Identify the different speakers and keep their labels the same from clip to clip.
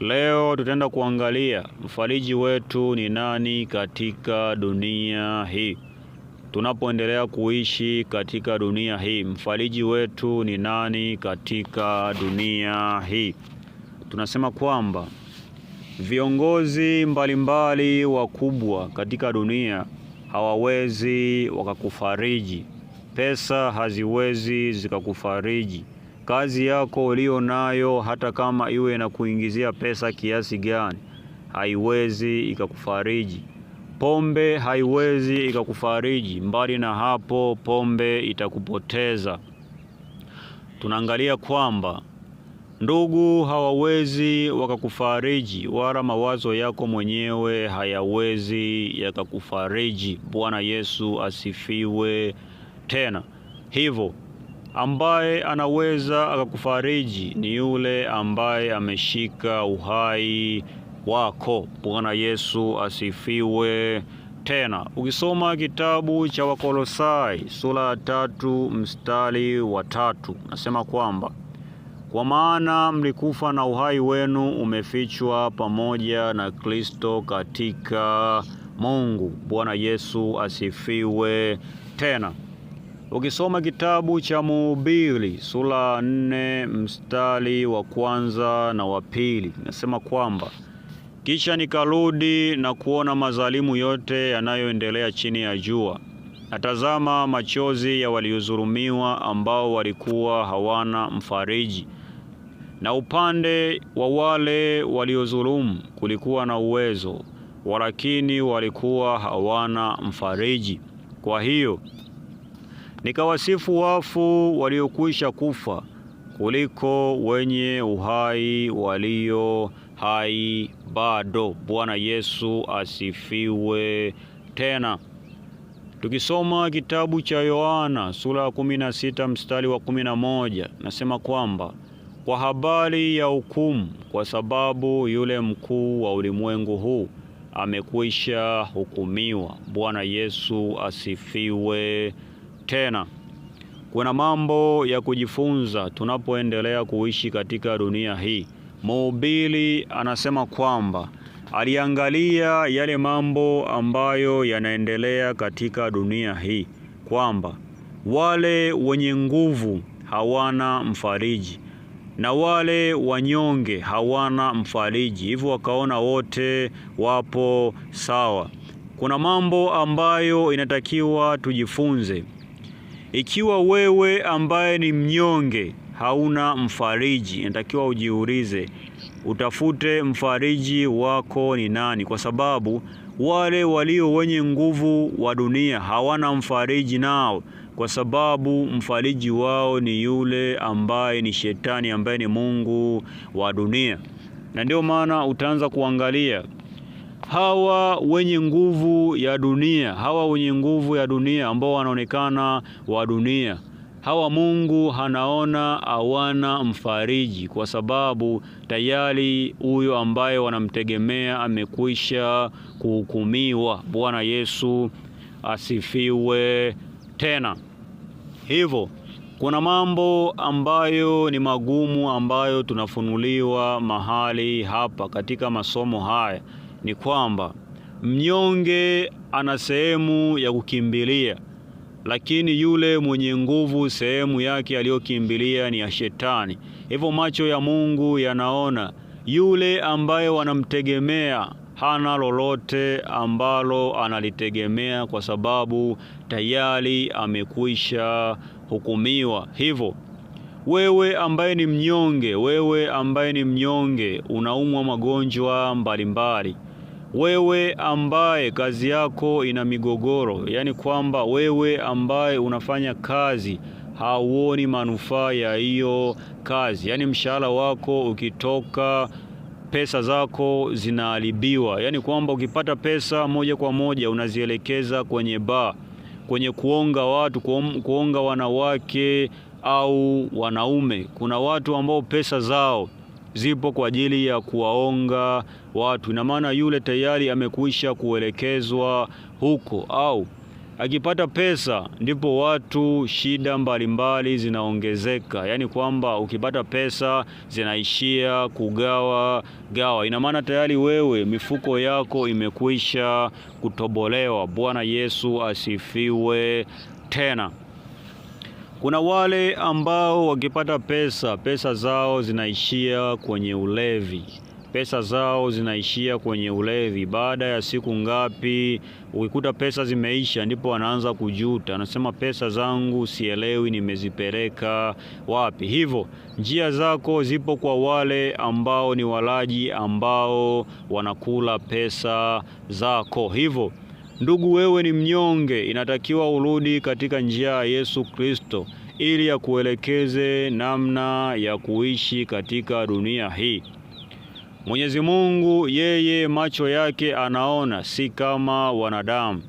Speaker 1: Leo tutaenda kuangalia mfariji wetu ni nani katika dunia hii. Tunapoendelea kuishi katika dunia hii, mfariji wetu ni nani katika dunia hii? Tunasema kwamba viongozi mbalimbali wakubwa katika dunia hawawezi wakakufariji, pesa haziwezi zikakufariji Kazi yako uliyo nayo, hata kama iwe na kuingizia pesa kiasi gani, haiwezi ikakufariji. Pombe haiwezi ikakufariji. Mbali na hapo, pombe itakupoteza. Tunaangalia kwamba ndugu hawawezi wakakufariji, wala mawazo yako mwenyewe hayawezi yakakufariji. Bwana Yesu asifiwe. Tena hivyo Ambaye anaweza akakufariji ni yule ambaye ameshika uhai wako. Bwana Yesu asifiwe. Tena ukisoma kitabu cha Wakolosai sura ya tatu mstari wa tatu nasema kwamba kwa maana mlikufa na uhai wenu umefichwa pamoja na Kristo katika Mungu. Bwana Yesu asifiwe. Tena Ukisoma kitabu cha Mhubiri sura nne mstari wa kwanza na wa pili nasema kwamba kisha nikarudi na kuona madhalimu yote yanayoendelea chini ya jua, natazama machozi ya waliodhulumiwa ambao walikuwa hawana mfariji, na upande wa wale waliodhulumu kulikuwa na uwezo, walakini walikuwa hawana mfariji. Kwa hiyo nikawasifu wafu waliokwisha kufa kuliko wenye uhai walio hai bado. Bwana Yesu asifiwe. Tena tukisoma kitabu cha Yohana sura ya kumi na sita mstari wa kumi na moja nasema kwamba kwa habari ya hukumu, kwa sababu yule mkuu wa ulimwengu huu amekwisha hukumiwa. Bwana Yesu asifiwe tena kuna mambo ya kujifunza tunapoendelea kuishi katika dunia hii. Mhubiri anasema kwamba aliangalia yale mambo ambayo yanaendelea katika dunia hii, kwamba wale wenye nguvu hawana mfariji na wale wanyonge hawana mfariji, hivyo wakaona wote wapo sawa. Kuna mambo ambayo inatakiwa tujifunze. Ikiwa wewe ambaye ni mnyonge hauna mfariji, inatakiwa ujiulize, utafute mfariji wako ni nani, kwa sababu wale walio wenye nguvu wa dunia hawana mfariji nao, kwa sababu mfariji wao ni yule ambaye ni Shetani, ambaye ni mungu wa dunia. Na ndio maana utaanza kuangalia hawa wenye nguvu ya dunia, hawa wenye nguvu ya dunia ambao wanaonekana wa dunia, hawa Mungu hanaona hawana mfariji, kwa sababu tayari huyo ambaye wanamtegemea amekwisha kuhukumiwa. Bwana Yesu asifiwe tena. Hivyo kuna mambo ambayo ni magumu ambayo tunafunuliwa mahali hapa katika masomo haya ni kwamba mnyonge ana sehemu ya kukimbilia, lakini yule mwenye nguvu sehemu yake aliyokimbilia ni ya Shetani. Hivyo macho ya Mungu yanaona, yule ambaye wanamtegemea hana lolote ambalo analitegemea kwa sababu tayari amekwisha hukumiwa. Hivyo wewe ambaye ni mnyonge, wewe ambaye ni mnyonge unaumwa magonjwa mbalimbali mbali wewe ambaye kazi yako ina migogoro, yaani kwamba wewe ambaye unafanya kazi hauoni manufaa ya hiyo kazi, yaani mshahara wako ukitoka pesa zako zinaharibiwa, yaani kwamba ukipata pesa moja kwa moja unazielekeza kwenye baa, kwenye kuonga watu, kuonga wanawake au wanaume. Kuna watu ambao pesa zao zipo kwa ajili ya kuwaonga watu. Ina maana yule tayari amekwisha kuelekezwa huko, au akipata pesa ndipo watu shida mbalimbali zinaongezeka. Yaani kwamba ukipata pesa zinaishia kugawa gawa, ina maana tayari wewe mifuko yako imekwisha kutobolewa. Bwana Yesu asifiwe tena. Kuna wale ambao wakipata pesa, pesa zao zinaishia kwenye ulevi pesa zao zinaishia kwenye ulevi. Baada ya siku ngapi, ukikuta pesa zimeisha, ndipo wanaanza kujuta, anasema pesa zangu sielewi nimezipeleka wapi. Hivyo njia zako zipo kwa wale ambao ni walaji, ambao wanakula pesa zako hivyo Ndugu, wewe ni mnyonge, inatakiwa urudi katika njia ya Yesu Kristo ili akuelekeze namna ya kuishi katika dunia hii. Mwenyezi Mungu yeye macho yake anaona, si kama wanadamu.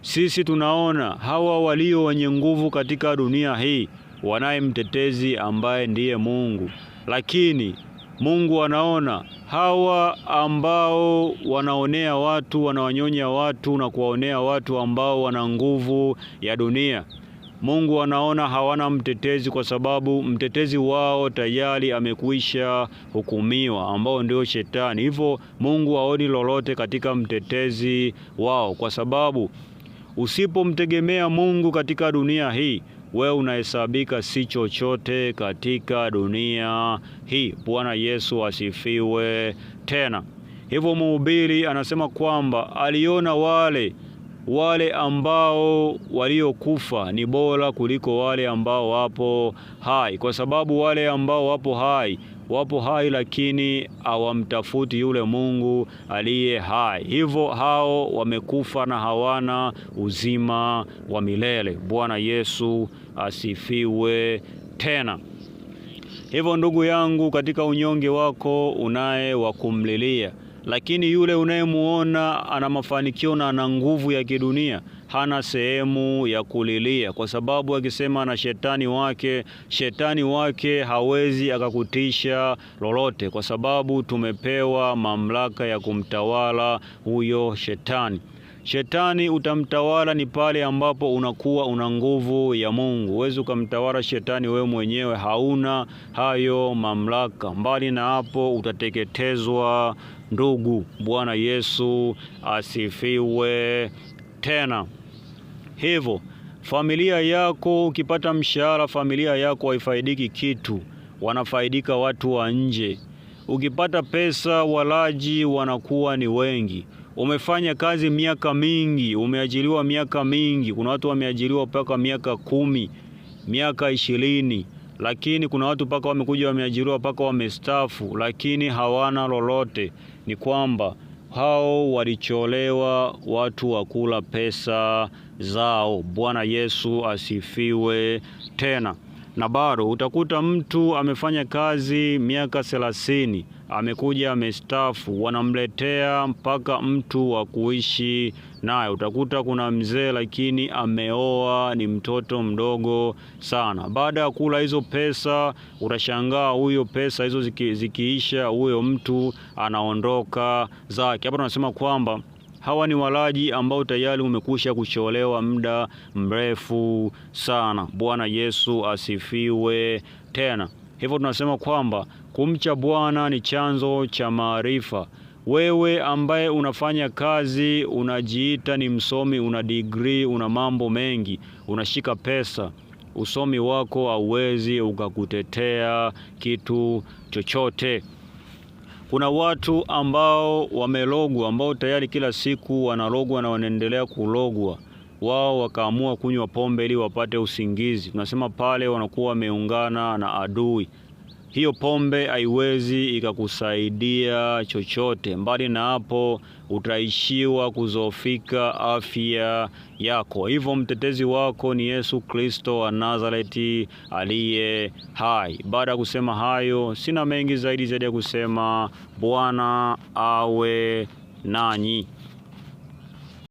Speaker 1: Sisi tunaona hawa walio wenye nguvu katika dunia hii wanaye mtetezi ambaye ndiye Mungu, lakini Mungu anaona hawa ambao wanaonea watu, wanawanyonya watu na kuwaonea watu ambao wana nguvu ya dunia. Mungu anaona hawana mtetezi, kwa sababu mtetezi wao tayari amekwisha hukumiwa, ambao ndio Shetani. Hivyo Mungu haoni lolote katika mtetezi wao, kwa sababu usipomtegemea Mungu katika dunia hii wewe unahesabika si chochote katika dunia hii. Bwana Yesu asifiwe tena. Hivyo mhubiri anasema kwamba aliona wale wale ambao waliokufa ni bora kuliko wale ambao wapo hai, kwa sababu wale ambao wapo hai wapo hai, lakini hawamtafuti yule Mungu aliye hai. Hivyo hao wamekufa na hawana uzima wa milele. Bwana Yesu asifiwe tena. Hivyo ndugu yangu, katika unyonge wako unaye wa kumlilia lakini yule unayemuona ana mafanikio na ana nguvu ya kidunia hana sehemu ya kulilia, kwa sababu akisema na shetani wake, shetani wake hawezi akakutisha lolote, kwa sababu tumepewa mamlaka ya kumtawala huyo shetani. Shetani utamtawala ni pale ambapo unakuwa una nguvu ya Mungu. Huwezi ukamtawala shetani wewe mwenyewe, hauna hayo mamlaka. Mbali na hapo, utateketezwa Ndugu, Bwana Yesu asifiwe. Tena hivyo familia yako, ukipata mshahara, familia yako haifaidiki kitu, wanafaidika watu wa nje. Ukipata pesa, walaji wanakuwa ni wengi. Umefanya kazi miaka mingi, umeajiriwa miaka mingi, kuna watu wameajiriwa mpaka miaka kumi, miaka ishirini lakini kuna watu mpaka wamekuja wameajiriwa mpaka wamestafu lakini hawana lolote. Ni kwamba hao walicholewa watu wa kula pesa zao. Bwana Yesu asifiwe tena. Na bado utakuta mtu amefanya kazi miaka thelathini amekuja amestafu wanamletea mpaka mtu wa kuishi naye. Utakuta kuna mzee lakini ameoa, ni mtoto mdogo sana. Baada ya kula hizo pesa, utashangaa huyo pesa hizo ziki, zikiisha, huyo mtu anaondoka zake. Hapa tunasema kwamba hawa ni walaji ambao tayari umekusha kucholewa muda mrefu sana. Bwana Yesu asifiwe tena. Hivyo tunasema kwamba kumcha Bwana ni chanzo cha maarifa. Wewe ambaye unafanya kazi, unajiita ni msomi, una degree, una mambo mengi, unashika pesa, usomi wako hauwezi ukakutetea kitu chochote. Kuna watu ambao wamelogwa, ambao tayari kila siku wanalogwa na wanaendelea kulogwa wao wakaamua kunywa pombe ili wapate usingizi. Tunasema pale wanakuwa wameungana na adui. Hiyo pombe haiwezi ikakusaidia chochote, mbali na hapo utaishiwa kuzofika afya yako. Hivyo mtetezi wako ni Yesu Kristo wa Nazareti aliye hai. Baada ya kusema hayo, sina mengi zaidi zaidi ya kusema Bwana awe nanyi.